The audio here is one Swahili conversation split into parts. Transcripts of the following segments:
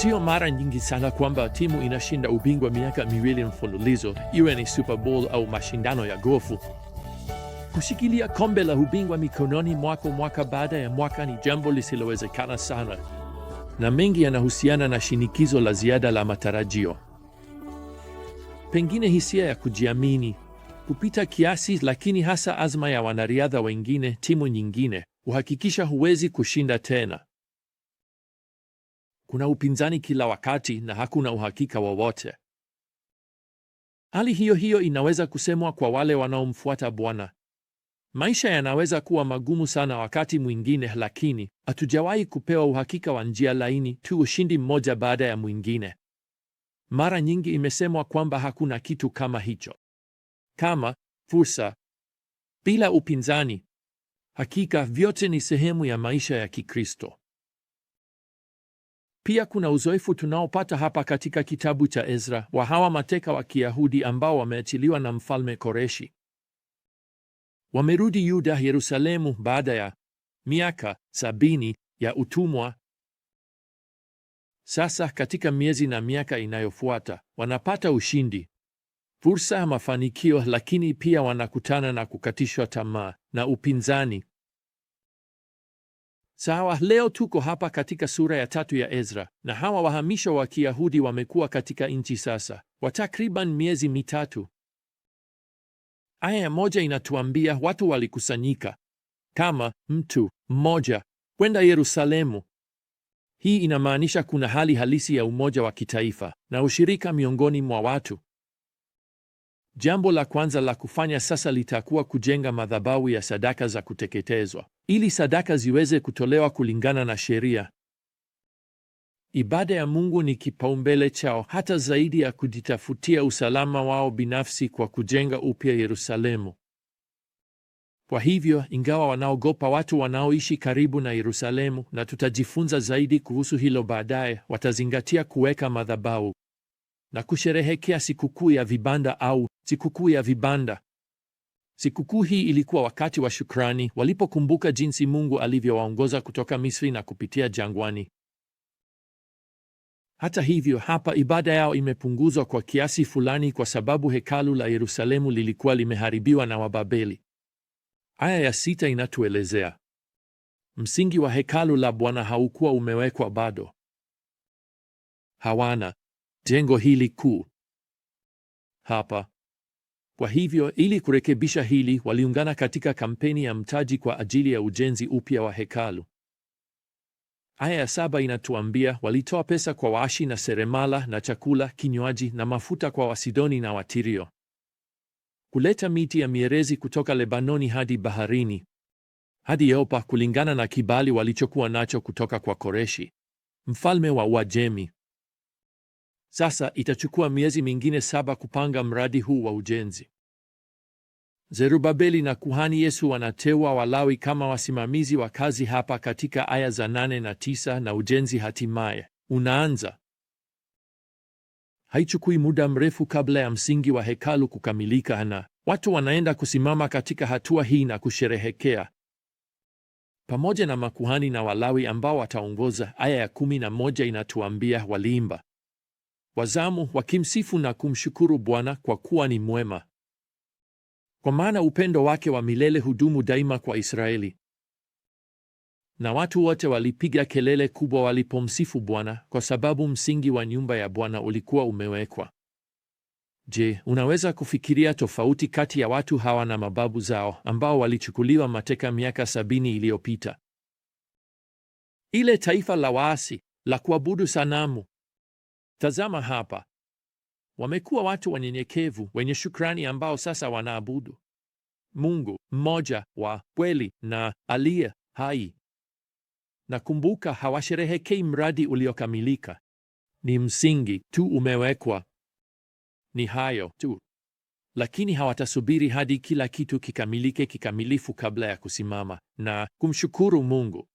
Sio mara nyingi sana kwamba timu inashinda ubingwa miaka miwili mfululizo, iwe ni Super Bowl au mashindano ya gofu. Kushikilia kombe la ubingwa mikononi mwako mwaka baada ya mwaka ni jambo lisilowezekana sana, na mengi yanahusiana na shinikizo la ziada la matarajio, pengine hisia ya kujiamini kupita kiasi, lakini hasa azma ya wanariadha wengine, timu nyingine, uhakikisha huwezi kushinda tena. Kuna upinzani kila wakati na hakuna uhakika wowote. Hali hiyo hiyo inaweza kusemwa kwa wale wanaomfuata Bwana. Maisha yanaweza kuwa magumu sana wakati mwingine, lakini hatujawahi kupewa uhakika wa njia laini tu, ushindi mmoja baada ya mwingine. Mara nyingi imesemwa kwamba hakuna kitu kama hicho, kama fursa bila upinzani. Hakika vyote ni sehemu ya maisha ya Kikristo. Pia kuna uzoefu tunaopata hapa katika kitabu cha Ezra wa hawa mateka wa Kiyahudi ambao wameachiliwa na mfalme Koreshi. Wamerudi Yuda, Yerusalemu baada ya miaka sabini ya utumwa. Sasa katika miezi na miaka inayofuata wanapata ushindi, fursa ya mafanikio, lakini pia wanakutana na kukatishwa tamaa na upinzani. Sawa, leo tuko hapa katika sura ya tatu ya Ezra, na hawa wahamisho wa Kiyahudi wamekuwa katika nchi sasa kwa takriban miezi mitatu. Aya moja inatuambia watu walikusanyika kama mtu mmoja kwenda Yerusalemu. Hii inamaanisha kuna hali halisi ya umoja wa kitaifa na ushirika miongoni mwa watu. Jambo la kwanza la kufanya sasa litakuwa kujenga madhabahu ya sadaka za kuteketezwa ili sadaka ziweze kutolewa kulingana na sheria. Ibada ya Mungu ni kipaumbele chao hata zaidi ya kujitafutia usalama wao binafsi kwa kujenga upya Yerusalemu. Kwa hivyo, ingawa wanaogopa watu wanaoishi karibu na Yerusalemu, na tutajifunza zaidi kuhusu hilo baadaye, watazingatia kuweka madhabahu na kusherehekea sikukuu ya vibanda au sikukuu ya vibanda. Sikukuu hii ilikuwa wakati wa shukrani walipokumbuka jinsi Mungu alivyowaongoza kutoka Misri na kupitia jangwani. Hata hivyo, hapa ibada yao imepunguzwa kwa kiasi fulani kwa sababu hekalu la Yerusalemu lilikuwa limeharibiwa na Wababeli. Aya ya sita inatuelezea msingi wa hekalu la Bwana haukuwa umewekwa bado. Hawana jengo hili kuu hapa kwa hivyo, ili kurekebisha hili, waliungana katika kampeni ya mtaji kwa ajili ya ujenzi upya wa hekalu. Aya ya saba inatuambia walitoa pesa kwa waashi na seremala na chakula, kinywaji na mafuta kwa Wasidoni na Watirio, kuleta miti ya mierezi kutoka Lebanoni hadi baharini hadi Yopa, kulingana na kibali walichokuwa nacho kutoka kwa Koreshi, mfalme wa Uajemi. Sasa itachukua miezi mingine saba kupanga mradi huu wa ujenzi. Zerubabeli na kuhani Yesu wanatewa Walawi kama wasimamizi wa kazi hapa katika aya za nane na tisa na ujenzi hatimaye unaanza. Haichukui muda mrefu kabla ya msingi wa hekalu kukamilika na watu wanaenda kusimama katika hatua hii na kusherehekea pamoja na makuhani na Walawi ambao wataongoza. Aya ya kumi na moja inatuambia waliimba kwa zamu, wakimsifu na kumshukuru Bwana kwa kuwa ni mwema, kwa maana upendo wake wa milele hudumu daima kwa Israeli. Na watu wote walipiga kelele kubwa walipomsifu Bwana, kwa sababu msingi wa nyumba ya Bwana ulikuwa umewekwa. Je, unaweza kufikiria tofauti kati ya watu hawa na mababu zao ambao walichukuliwa mateka miaka sabini iliyopita? Ile taifa la waasi la kuabudu sanamu Tazama hapa, wamekuwa watu wanyenyekevu wenye shukrani ambao sasa wanaabudu Mungu mmoja wa kweli na aliye hai. nakumbuka hawasherehekei mradi uliokamilika, ni msingi tu umewekwa, ni hayo tu, lakini hawatasubiri hadi kila kitu kikamilike kikamilifu kabla ya kusimama na kumshukuru Mungu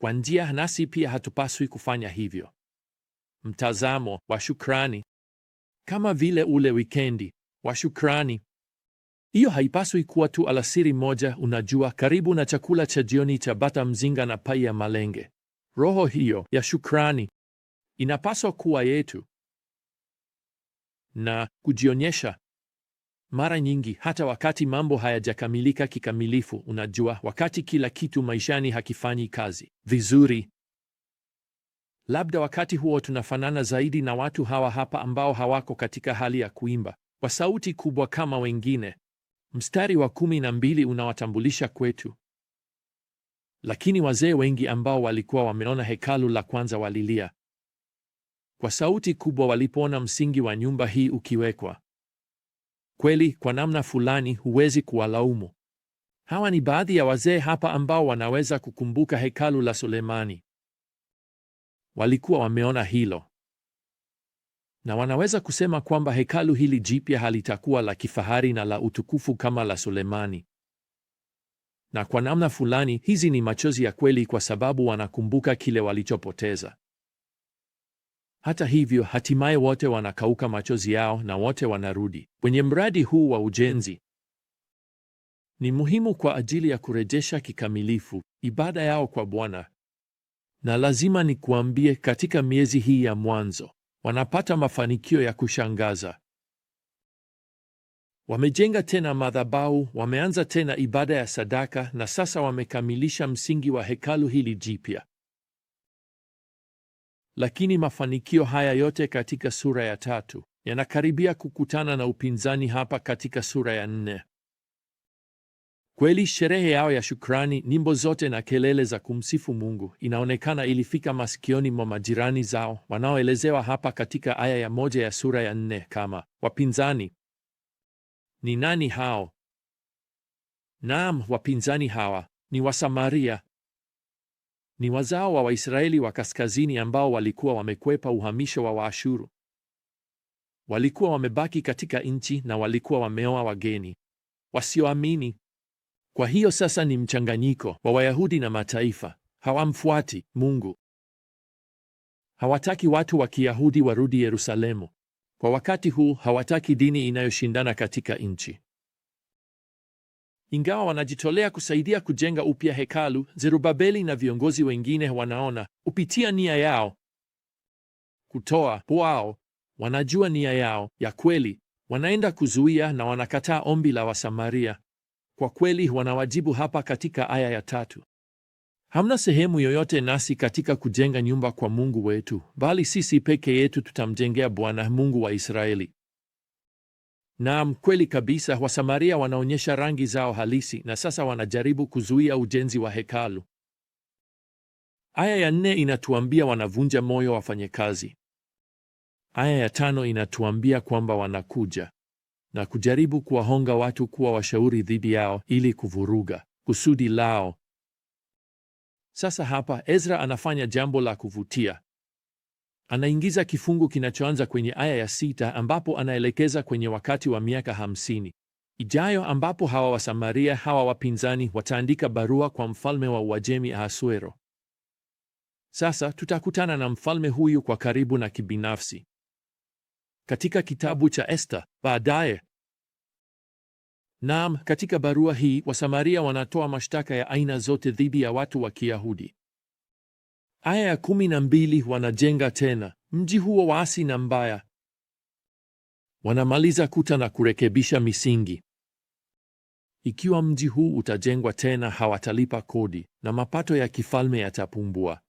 kwa njia. Nasi pia hatupaswi kufanya hivyo mtazamo wa shukrani, kama vile ule wikendi wa shukrani. Hiyo haipaswi kuwa tu alasiri moja, unajua, karibu na chakula cha jioni cha bata mzinga na pai ya malenge. Roho hiyo ya shukrani inapaswa kuwa yetu na kujionyesha mara nyingi hata wakati mambo hayajakamilika kikamilifu. Unajua, wakati kila kitu maishani hakifanyi kazi vizuri, Labda wakati huo tunafanana zaidi na watu hawa hapa ambao hawako katika hali ya kuimba kwa sauti kubwa kama wengine. Mstari wa kumi na mbili unawatambulisha kwetu. Lakini wazee wengi ambao walikuwa wameona hekalu la kwanza walilia kwa sauti kubwa walipoona msingi wa nyumba hii ukiwekwa. Kweli, kwa namna fulani huwezi kuwalaumu. Hawa ni baadhi ya wazee hapa ambao wanaweza kukumbuka hekalu la Sulemani walikuwa wameona hilo, na wanaweza kusema kwamba hekalu hili jipya halitakuwa la kifahari na la utukufu kama la Sulemani. Na kwa namna fulani, hizi ni machozi ya kweli, kwa sababu wanakumbuka kile walichopoteza. Hata hivyo, hatimaye wote wanakauka machozi yao na wote wanarudi kwenye mradi huu wa ujenzi. Ni muhimu kwa ajili ya kurejesha kikamilifu ibada yao kwa Bwana na lazima nikuambie, katika miezi hii ya mwanzo wanapata mafanikio ya kushangaza. Wamejenga tena madhabahu, wameanza tena ibada ya sadaka, na sasa wamekamilisha msingi wa hekalu hili jipya. Lakini mafanikio haya yote katika sura ya tatu yanakaribia kukutana na upinzani hapa katika sura ya nne. Kweli sherehe yao ya shukrani, nyimbo zote na kelele za kumsifu Mungu inaonekana ilifika masikioni mwa majirani zao wanaoelezewa hapa katika aya ya moja ya sura ya nne kama wapinzani. Ni nani hao? Naam, wapinzani hawa ni Wasamaria. Ni wazao wa Waisraeli wa kaskazini ambao walikuwa wamekwepa uhamisho wa Waashuru. Walikuwa wamebaki katika nchi na walikuwa wameoa wageni wasioamini. Kwa hiyo sasa ni mchanganyiko wa Wayahudi na mataifa. Hawamfuati Mungu, hawataki watu wa Kiyahudi warudi Yerusalemu. Kwa wakati huu hawataki dini inayoshindana katika nchi. Ingawa wanajitolea kusaidia kujenga upya hekalu, Zerubabeli na viongozi wengine wanaona kupitia nia yao kutoa pwao wanajua nia yao ya kweli, wanaenda kuzuia na wanakataa ombi la Wasamaria. Kwa kweli wanawajibu hapa katika aya ya tatu. Hamna sehemu yoyote nasi katika kujenga nyumba kwa Mungu wetu, bali sisi peke yetu tutamjengea Bwana Mungu wa Israeli. Naam, kweli kabisa, Wasamaria wanaonyesha rangi zao halisi na sasa wanajaribu kuzuia ujenzi wa hekalu. Aya ya nne inatuambia wanavunja moyo wafanyakazi. Aya ya tano inatuambia kwamba wanakuja na kujaribu kuwahonga watu kuwa washauri dhidi yao ili kuvuruga kusudi lao. Sasa hapa Ezra anafanya jambo la kuvutia. Anaingiza kifungu kinachoanza kwenye aya ya sita ambapo anaelekeza kwenye wakati wa miaka hamsini ijayo ambapo hawa Wasamaria hawa wapinzani wataandika barua kwa mfalme wa Uajemi Ahasuero. Sasa tutakutana na mfalme huyu kwa karibu na kibinafsi katika kitabu cha Esta baadaye. Naam, katika barua hii Wasamaria wanatoa mashtaka ya aina zote dhidi ya watu wa Kiyahudi. Aya ya kumi na mbili wanajenga tena mji huo waasi na mbaya, wanamaliza kuta na kurekebisha misingi. Ikiwa mji huu utajengwa tena, hawatalipa kodi na mapato ya kifalme yatapungua.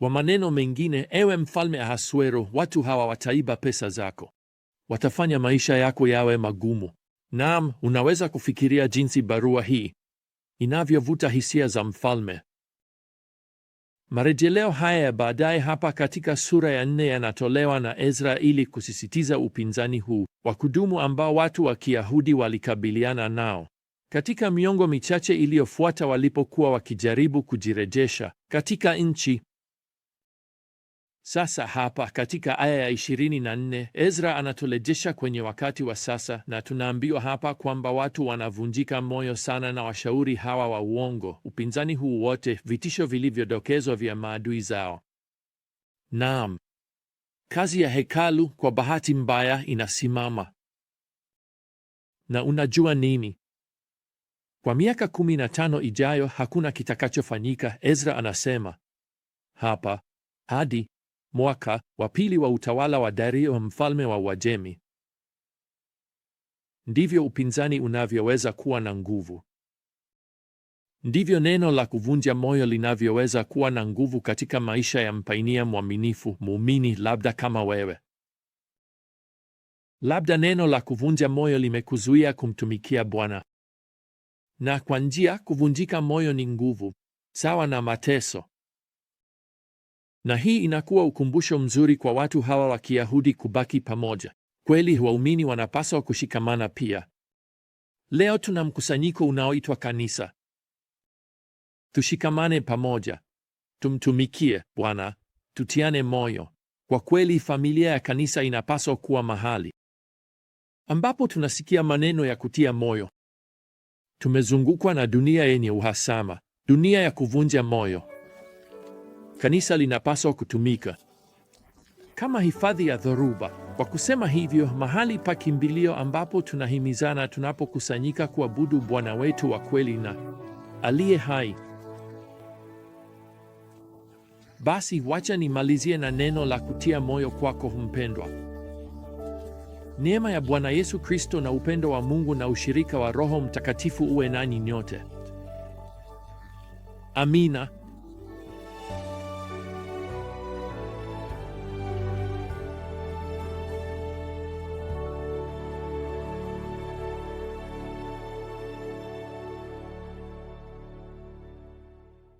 Kwa maneno mengine, ewe mfalme Ahasuero, watu hawa wataiba pesa zako, watafanya maisha yako yawe magumu. Naam, unaweza kufikiria jinsi barua hii inavyovuta hisia za mfalme. Marejeleo haya ya baadaye hapa katika sura ya nne yanatolewa na Ezra ili kusisitiza upinzani huu wa kudumu ambao watu wa Kiyahudi walikabiliana nao katika miongo michache iliyofuata walipokuwa wakijaribu kujirejesha katika nchi. Sasa hapa katika aya ya 24 Ezra anaturejesha kwenye wakati wa sasa, na tunaambiwa hapa kwamba watu wanavunjika moyo sana na washauri hawa wa uongo, upinzani huu wote, vitisho vilivyodokezwa vya maadui zao. Naam, kazi ya hekalu kwa bahati mbaya inasimama. Na unajua nini? Kwa miaka 15 ijayo hakuna kitakachofanyika, Ezra anasema hapa hadi mwaka wa pili wa utawala wa Dario mfalme wa Uajemi. Ndivyo upinzani unavyoweza kuwa na nguvu. Ndivyo neno la kuvunja moyo linavyoweza kuwa na nguvu katika maisha ya mpainia mwaminifu muumini, labda kama wewe. Labda neno la kuvunja moyo limekuzuia kumtumikia Bwana, na kwa njia, kuvunjika moyo ni nguvu sawa na mateso na hii inakuwa ukumbusho mzuri kwa watu hawa wa Kiyahudi kubaki pamoja. Kweli waumini wanapaswa kushikamana pia. Leo tuna mkusanyiko unaoitwa kanisa. Tushikamane pamoja, tumtumikie Bwana, tutiane moyo. Kwa kweli, familia ya kanisa inapaswa kuwa mahali ambapo tunasikia maneno ya kutia moyo. Tumezungukwa na dunia yenye uhasama, dunia ya kuvunja moyo kanisa linapaswa kutumika kama hifadhi ya dhoruba. Kwa kusema hivyo, mahali pa kimbilio ambapo tunahimizana tunapokusanyika kuabudu Bwana wetu wa kweli na aliye hai. Basi wacha nimalizie na neno la kutia moyo kwako mpendwa. Neema ya Bwana Yesu Kristo na upendo wa Mungu na ushirika wa Roho Mtakatifu uwe nanyi nyote. Amina.